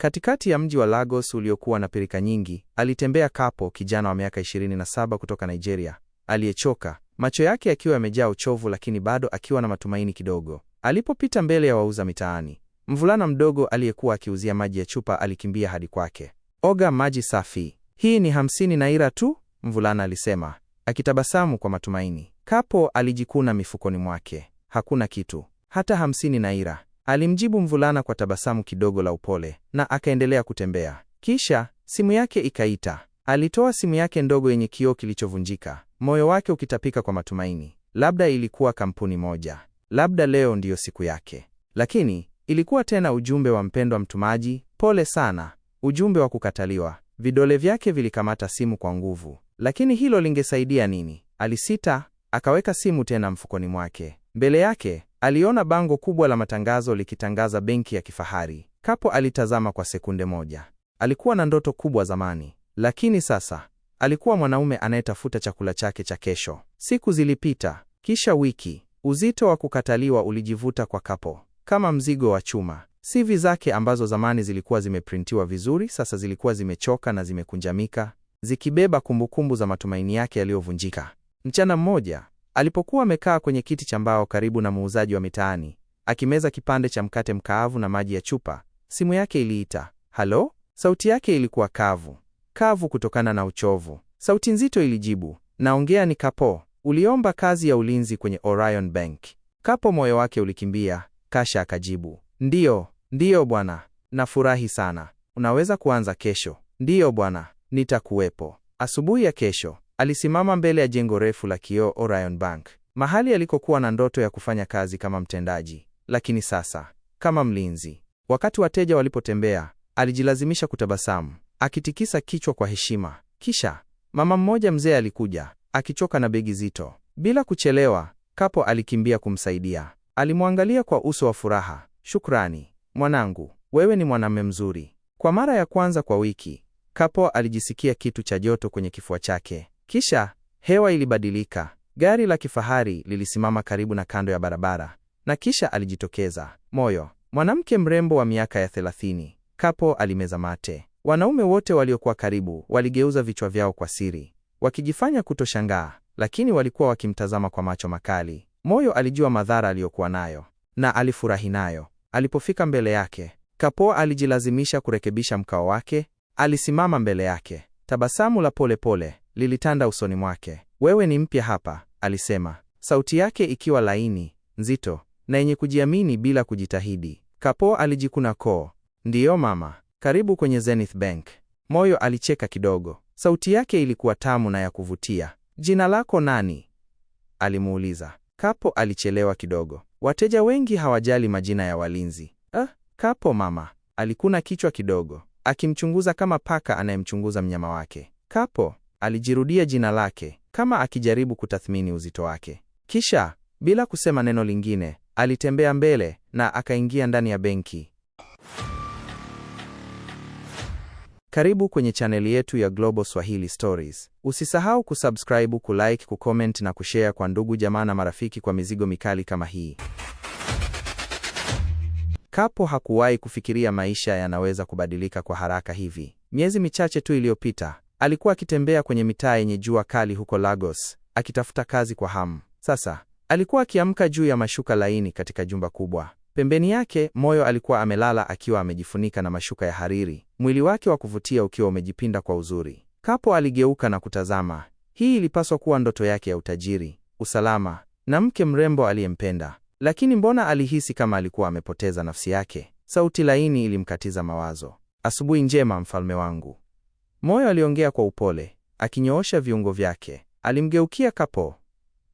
Katikati ya mji wa Lagos uliokuwa na pirika nyingi, alitembea Kapo, kijana wa miaka 27 kutoka Nigeria, aliyechoka, macho yake yakiwa yamejaa uchovu, lakini bado akiwa na matumaini kidogo. Alipopita mbele ya wauza mitaani, mvulana mdogo aliyekuwa akiuzia maji ya chupa alikimbia hadi kwake. Oga maji safi, hii ni hamsini naira tu, mvulana alisema akitabasamu kwa matumaini. Kapo alijikuna mifukoni mwake, hakuna kitu, hata hamsini naira. Alimjibu mvulana kwa tabasamu kidogo la upole na akaendelea kutembea. Kisha simu yake ikaita. Alitoa simu yake ndogo yenye kioo kilichovunjika, moyo wake ukitapika kwa matumaini. Labda ilikuwa kampuni moja, labda leo ndiyo siku yake. Lakini ilikuwa tena ujumbe wa mpendwa mtumaji, pole sana, ujumbe wa kukataliwa. Vidole vyake vilikamata simu kwa nguvu, lakini hilo lingesaidia nini? Alisita, akaweka simu tena mfukoni mwake. Mbele yake Aliona bango kubwa la matangazo likitangaza benki ya kifahari. Kapo alitazama kwa sekunde moja. Alikuwa na ndoto kubwa zamani, lakini sasa alikuwa mwanaume anayetafuta chakula chake cha kesho. Siku zilipita, kisha wiki. Uzito wa kukataliwa ulijivuta kwa Kapo kama mzigo wa chuma. CV zake ambazo zamani zilikuwa zimeprintiwa vizuri, sasa zilikuwa zimechoka na zimekunjamika, zikibeba kumbukumbu za matumaini yake yaliyovunjika. Mchana mmoja Alipokuwa amekaa kwenye kiti cha mbao karibu na muuzaji wa mitaani, akimeza kipande cha mkate mkaavu na maji ya chupa, simu yake iliita. Halo? Sauti yake ilikuwa kavu kavu kutokana na uchovu. Sauti nzito ilijibu, naongea ni Kapo. Uliomba kazi ya ulinzi kwenye Orion Bank. Kapo moyo wake ulikimbia. Kasha akajibu, ndiyo, ndiyo bwana, nafurahi sana. Unaweza kuanza kesho? Ndiyo bwana, nitakuwepo asubuhi ya kesho. Alisimama mbele ya jengo refu la kioo Orion Bank, mahali alikokuwa na ndoto ya kufanya kazi kama mtendaji, lakini sasa kama mlinzi. Wakati wateja walipotembea, alijilazimisha kutabasamu, akitikisa kichwa kwa heshima. Kisha mama mmoja mzee alikuja akichoka na begi zito. Bila kuchelewa, Kapo alikimbia kumsaidia. Alimwangalia kwa uso wa furaha. Shukrani mwanangu, wewe ni mwanamume mzuri. Kwa mara ya kwanza kwa wiki, Kapo alijisikia kitu cha joto kwenye kifua chake. Kisha hewa ilibadilika, gari la kifahari lilisimama karibu na kando ya barabara, na kisha alijitokeza Moyo, mwanamke mrembo wa miaka ya thelathini. Kapo alimeza mate. Wanaume wote waliokuwa karibu waligeuza vichwa vyao kwa siri, wakijifanya kutoshangaa, lakini walikuwa wakimtazama kwa macho makali. Moyo alijua madhara aliyokuwa nayo na alifurahi nayo. Alipofika mbele yake, Kapo alijilazimisha kurekebisha mkao wake. Alisimama mbele yake, tabasamu la polepole pole, lilitanda usoni mwake. Wewe ni mpya hapa, alisema, sauti yake ikiwa laini, nzito na yenye kujiamini bila kujitahidi. Kapo alijikuna koo. Ndiyo mama, karibu kwenye Zenith Bank. Moyo alicheka kidogo, sauti yake ilikuwa tamu na ya kuvutia. Jina lako nani? alimuuliza. Kapo alichelewa kidogo, wateja wengi hawajali majina ya walinzi. Eh, Kapo mama. Alikuna kichwa kidogo, akimchunguza kama paka anayemchunguza mnyama wake. Kapo Alijirudia jina lake kama akijaribu kutathmini uzito wake. Kisha bila kusema neno lingine, alitembea mbele na akaingia ndani ya benki. Karibu kwenye chaneli yetu ya Global Swahili Stories. Usisahau kusubscribe, kulike, kucomment na kushare kwa ndugu jamaa na marafiki kwa mizigo mikali kama hii. Kapo hakuwahi kufikiria maisha yanaweza kubadilika kwa haraka hivi. Miezi michache tu iliyopita Alikuwa akitembea kwenye mitaa yenye jua kali huko Lagos, akitafuta kazi kwa hamu. Sasa alikuwa akiamka juu ya mashuka laini katika jumba kubwa. Pembeni yake Moyo alikuwa amelala akiwa amejifunika na mashuka ya hariri, mwili wake wa kuvutia ukiwa umejipinda kwa uzuri. Kapo aligeuka na kutazama. Hii ilipaswa kuwa ndoto yake ya utajiri, usalama na mke mrembo aliyempenda, lakini mbona alihisi kama alikuwa amepoteza nafsi yake? Sauti laini ilimkatiza mawazo. Asubuhi njema, mfalme wangu. Moyo aliongea kwa upole, akinyoosha viungo vyake. Alimgeukia Kapo.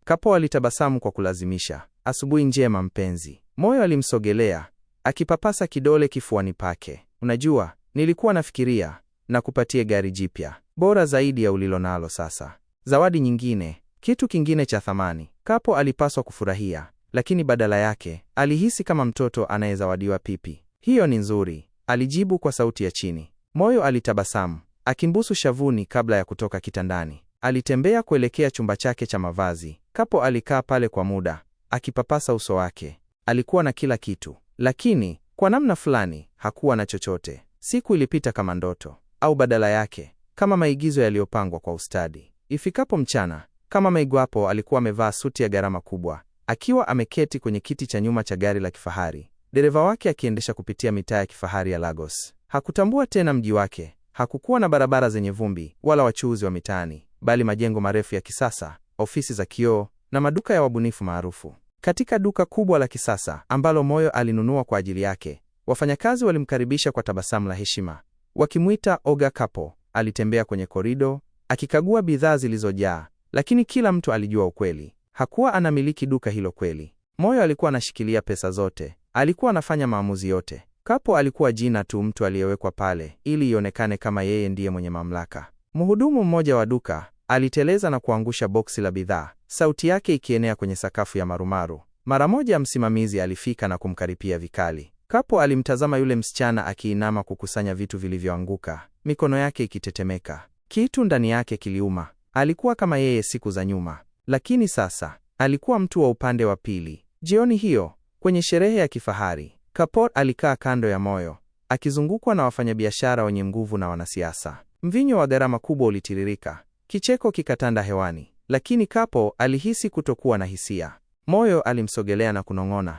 Kapo alitabasamu kwa kulazimisha. Asubuhi njema mpenzi. Moyo alimsogelea, akipapasa kidole kifuani pake. Unajua, nilikuwa nafikiria na kupatie gari jipya bora zaidi ya ulilonalo sasa, zawadi nyingine, kitu kingine cha thamani. Kapo alipaswa kufurahia, lakini badala yake alihisi kama mtoto anayezawadiwa pipi. Hiyo ni nzuri, alijibu kwa sauti ya chini. Moyo alitabasamu, akimbusu shavuni kabla ya kutoka kitandani. Alitembea kuelekea chumba chake cha mavazi. Kapo alikaa pale kwa muda akipapasa uso wake. Alikuwa na kila kitu, lakini kwa namna fulani hakuwa na chochote. Siku ilipita kama ndoto, au badala yake kama maigizo yaliyopangwa kwa ustadi. Ifikapo mchana, kama Maigwapo alikuwa amevaa suti ya gharama kubwa, akiwa ameketi kwenye kiti cha nyuma cha gari la kifahari, dereva wake akiendesha kupitia mitaa ya kifahari ya Lagos. Hakutambua tena mji wake, Hakukuwa na barabara zenye vumbi wala wachuuzi wa mitaani, bali majengo marefu ya kisasa, ofisi za kioo na maduka ya wabunifu maarufu. Katika duka kubwa la kisasa ambalo Moyo alinunua kwa ajili yake, wafanyakazi walimkaribisha kwa tabasamu la heshima, wakimwita Oga Kapo. Alitembea kwenye korido akikagua bidhaa zilizojaa, lakini kila mtu alijua ukweli, hakuwa anamiliki duka hilo kweli. Moyo alikuwa anashikilia pesa zote, alikuwa anafanya maamuzi yote. Kapo alikuwa jina tu, mtu aliyewekwa pale ili ionekane kama yeye ndiye mwenye mamlaka. Mhudumu mmoja wa duka aliteleza na kuangusha boksi la bidhaa, sauti yake ikienea kwenye sakafu ya marumaru. Mara moja msimamizi alifika na kumkaripia vikali. Kapo alimtazama yule msichana akiinama kukusanya vitu vilivyoanguka, mikono yake ikitetemeka. Kitu ndani yake kiliuma. Alikuwa kama yeye siku za nyuma, lakini sasa alikuwa mtu wa upande wa pili. Jioni hiyo kwenye sherehe ya kifahari Kapoor alikaa kando ya moyo akizungukwa na wafanyabiashara wenye nguvu na wanasiasa. Mvinyo wa gharama kubwa ulitiririka, kicheko kikatanda hewani, lakini Kapo alihisi kutokuwa na hisia. Moyo alimsogelea na kunong'ona,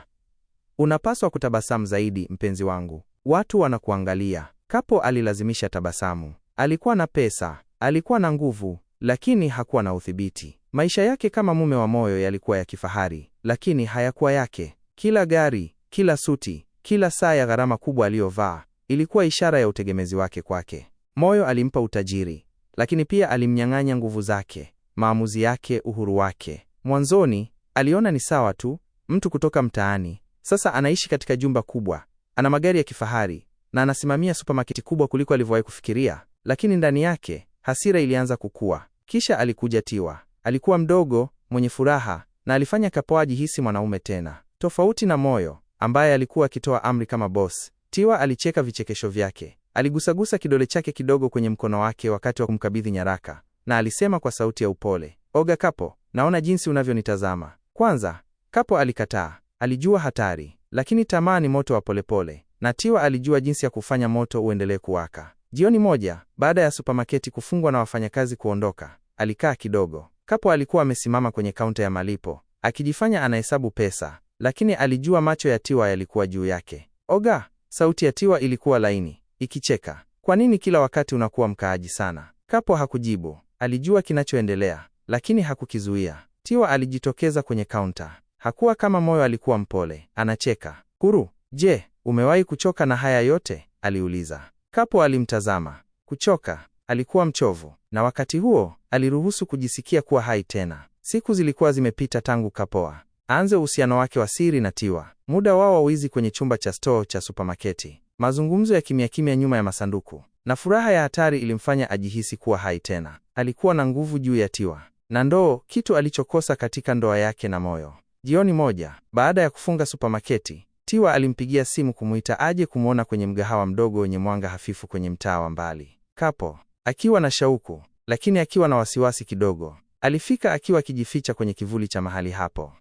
unapaswa kutabasamu zaidi, mpenzi wangu, watu wanakuangalia. Kapo alilazimisha tabasamu. Alikuwa na pesa, alikuwa na nguvu, lakini hakuwa na udhibiti. Maisha yake kama mume wa Moyo yalikuwa ya kifahari, lakini hayakuwa yake. Kila gari, kila suti kila saa ya gharama kubwa aliyovaa ilikuwa ishara ya utegemezi wake kwake. Moyo alimpa utajiri, lakini pia alimnyang'anya nguvu zake, maamuzi yake, uhuru wake. Mwanzoni aliona ni sawa tu, mtu kutoka mtaani. Sasa anaishi katika jumba kubwa, ana magari ya kifahari na anasimamia supamaketi kubwa kuliko alivyowahi kufikiria, lakini ndani yake hasira ilianza kukua. Kisha alikuja Tiwa. Alikuwa mdogo, mwenye furaha na alifanya Kapoa ajihisi mwanaume tena, tofauti na Moyo ambaye alikuwa akitoa amri kama bosi. Tiwa alicheka vichekesho vyake. Aligusagusa kidole chake kidogo kwenye mkono wake wakati wa kumkabidhi nyaraka, na alisema kwa sauti ya upole, oga Kapo, naona jinsi unavyonitazama. Kwanza, Kapo alikataa. Alijua hatari, lakini tamaa ni moto wa polepole, na Tiwa alijua jinsi ya kufanya moto uendelee kuwaka. Jioni moja, baada ya supamaketi kufungwa na wafanyakazi kuondoka, alikaa kidogo. Kapo alikuwa amesimama kwenye kaunta ya malipo, akijifanya anahesabu pesa lakini alijua macho ya Tiwa yalikuwa juu yake. Oga, sauti ya Tiwa ilikuwa laini, ikicheka. Kwa nini kila wakati unakuwa mkaaji sana? Kapo hakujibu. Alijua kinachoendelea, lakini hakukizuia. Tiwa alijitokeza kwenye kaunta. Hakuwa kama Moyo, alikuwa mpole, anacheka. Kuru, je, umewahi kuchoka na haya yote? aliuliza. Kapo alimtazama. Kuchoka, alikuwa mchovu, na wakati huo aliruhusu kujisikia kuwa hai tena. Siku zilikuwa zimepita tangu Kapoa aanze uhusiano wake wa siri na Tiwa. Muda wao wawizi kwenye chumba cha store cha supamaketi, mazungumzo ya kimya kimya nyuma ya masanduku na furaha ya hatari ilimfanya ajihisi kuwa hai tena. Alikuwa na nguvu juu ya Tiwa na ndoo, kitu alichokosa katika ndoa yake na moyo. Jioni moja baada ya kufunga supamaketi, Tiwa alimpigia simu kumuita aje kumwona kwenye mgahawa mdogo wenye mwanga hafifu kwenye mtaa wa mbali Kapo. Akiwa na shauku lakini akiwa na wasiwasi kidogo, alifika akiwa akijificha kwenye kivuli cha mahali hapo.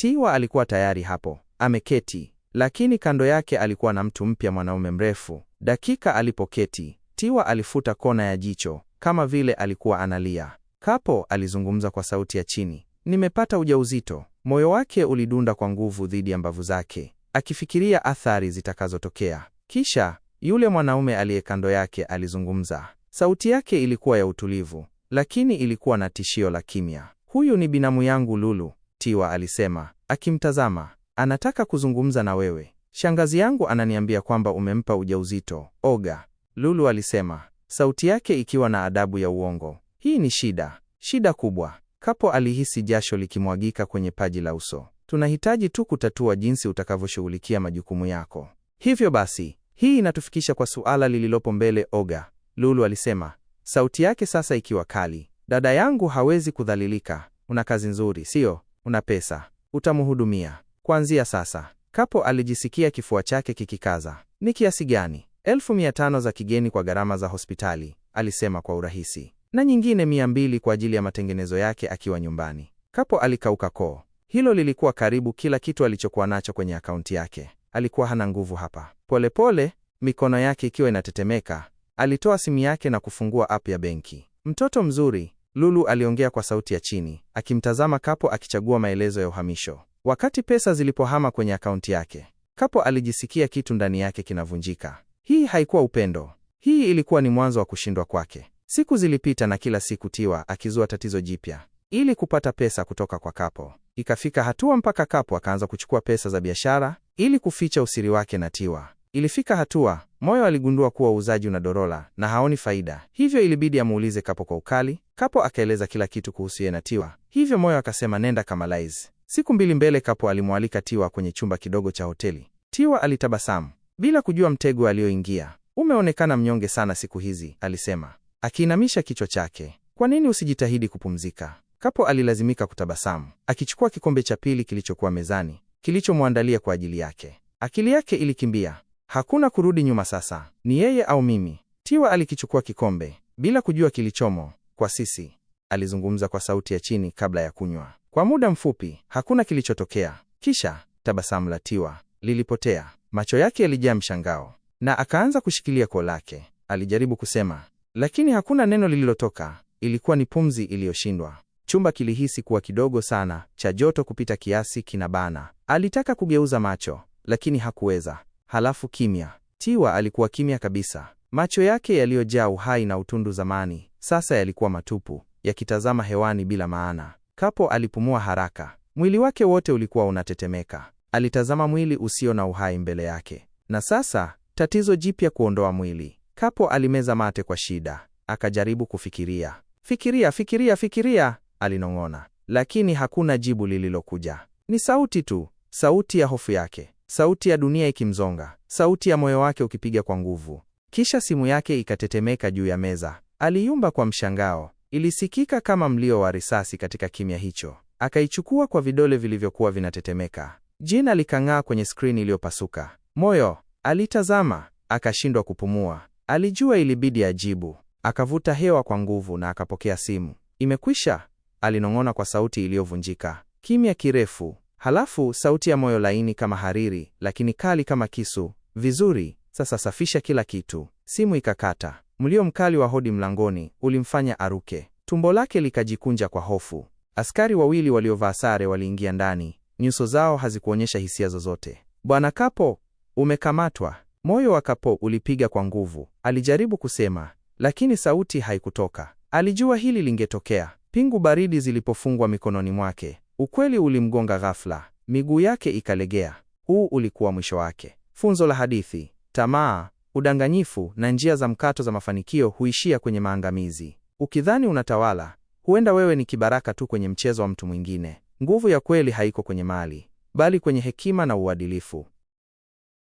Tiwa alikuwa tayari hapo ameketi, lakini kando yake alikuwa na mtu mpya, mwanaume mrefu. Dakika alipoketi, Tiwa alifuta kona ya jicho kama vile alikuwa analia. Kapo alizungumza kwa sauti ya chini, nimepata ujauzito. Moyo wake ulidunda kwa nguvu dhidi ya mbavu zake, akifikiria athari zitakazotokea. Kisha yule mwanaume aliye kando yake alizungumza. Sauti yake ilikuwa ya utulivu, lakini ilikuwa na tishio la kimya. Huyu ni binamu yangu Lulu, Tiwa alisema akimtazama. Anataka kuzungumza na wewe. Shangazi yangu ananiambia kwamba umempa ujauzito. Oga, Lulu alisema, sauti yake ikiwa na adabu ya uongo. Hii ni shida, shida kubwa. Kapo alihisi jasho likimwagika kwenye paji la uso. Tunahitaji tu kutatua jinsi utakavyoshughulikia majukumu yako. Hivyo basi, hii inatufikisha kwa suala lililopo mbele, Oga, Lulu alisema, sauti yake sasa ikiwa kali. Dada yangu hawezi kudhalilika. Una kazi nzuri, siyo? Una pesa, utamhudumia kuanzia sasa. Kapo alijisikia kifua chake kikikaza. Ni kiasi gani? Elfu mia tano za kigeni kwa gharama za hospitali, alisema kwa urahisi, na nyingine mia mbili kwa ajili ya matengenezo yake akiwa nyumbani. Kapo alikauka koo. Hilo lilikuwa karibu kila kitu alichokuwa nacho kwenye akaunti yake. Alikuwa hana nguvu hapa. Polepole, mikono yake ikiwa inatetemeka, alitoa simu yake na kufungua app ya benki. Mtoto mzuri Lulu aliongea kwa sauti ya chini, akimtazama Kapo akichagua maelezo ya uhamisho. Wakati pesa zilipohama kwenye akaunti yake, Kapo alijisikia kitu ndani yake kinavunjika. Hii haikuwa upendo, hii ilikuwa ni mwanzo wa kushindwa kwake. Siku zilipita na kila siku Tiwa akizua tatizo jipya ili kupata pesa kutoka kwa Kapo. Ikafika hatua mpaka Kapo akaanza kuchukua pesa za biashara ili kuficha usiri wake na Tiwa. Ilifika hatua Moyo aligundua kuwa uuzaji unadorola na haoni faida, hivyo ilibidi amuulize Kapo kwa ukali. Kapo akaeleza kila kitu kuhusu yeye na Tiwa, hivyo Moyo akasema nenda Kamalize. Siku mbili mbele, Kapo alimwalika Tiwa kwenye chumba kidogo cha hoteli. Tiwa alitabasamu bila kujua mtego aliyoingia. Umeonekana mnyonge sana siku hizi, alisema akiinamisha kichwa chake. Kwa nini usijitahidi kupumzika? Kapo alilazimika kutabasamu, akichukua kikombe cha pili kilichokuwa mezani, kilichomwandalia kwa ajili yake. Akili yake ilikimbia. Hakuna kurudi nyuma sasa, ni yeye au mimi. Tiwa alikichukua kikombe bila kujua kilichomo. Kwa sisi, alizungumza kwa sauti ya chini kabla ya kunywa. Kwa muda mfupi hakuna kilichotokea, kisha tabasamu la Tiwa lilipotea. Macho yake yalijaa mshangao na akaanza kushikilia koo lake. Alijaribu kusema, lakini hakuna neno lililotoka. Ilikuwa ni pumzi iliyoshindwa. Chumba kilihisi kuwa kidogo sana, cha joto kupita kiasi, kinabana. Alitaka kugeuza macho, lakini hakuweza halafu kimya. Tiwa alikuwa kimya kabisa. Macho yake yaliyojaa uhai na utundu zamani sasa yalikuwa matupu, yakitazama hewani bila maana. Kapo alipumua haraka, mwili wake wote ulikuwa unatetemeka. Alitazama mwili usio na uhai mbele yake, na sasa tatizo jipya kuondoa mwili. Kapo alimeza mate kwa shida, akajaribu kufikiria. Fikiria, fikiria, fikiria, alinong'ona, lakini hakuna jibu lililokuja. Ni sauti tu, sauti ya hofu yake sauti ya dunia ikimzonga, sauti ya moyo wake ukipiga kwa nguvu. Kisha simu yake ikatetemeka juu ya meza. Aliyumba kwa mshangao, ilisikika kama mlio wa risasi katika kimya hicho. Akaichukua kwa vidole vilivyokuwa vinatetemeka. Jina likang'aa kwenye skrini iliyopasuka. Moyo alitazama, akashindwa kupumua. Alijua ilibidi ajibu. Akavuta hewa kwa nguvu na akapokea simu. Imekwisha, alinong'ona kwa sauti iliyovunjika. Kimya kirefu Halafu sauti ya moyo laini kama hariri, lakini kali kama kisu. Vizuri, sasa safisha kila kitu. Simu ikakata. Mlio mkali wa hodi mlangoni ulimfanya aruke, tumbo lake likajikunja kwa hofu. Askari wawili waliovaa sare waliingia ndani, nyuso zao hazikuonyesha hisia zozote. Bwana Kapo, umekamatwa. Moyo wa Kapo ulipiga kwa nguvu. Alijaribu kusema, lakini sauti haikutoka. Alijua hili lingetokea. Pingu baridi zilipofungwa mikononi mwake, Ukweli ulimgonga ghafla, miguu yake ikalegea. Huu ulikuwa mwisho wake. Funzo la hadithi: tamaa, udanganyifu na njia za mkato za mafanikio huishia kwenye maangamizi. Ukidhani unatawala, huenda wewe ni kibaraka tu kwenye mchezo wa mtu mwingine. Nguvu ya kweli haiko kwenye mali, bali kwenye hekima na uadilifu.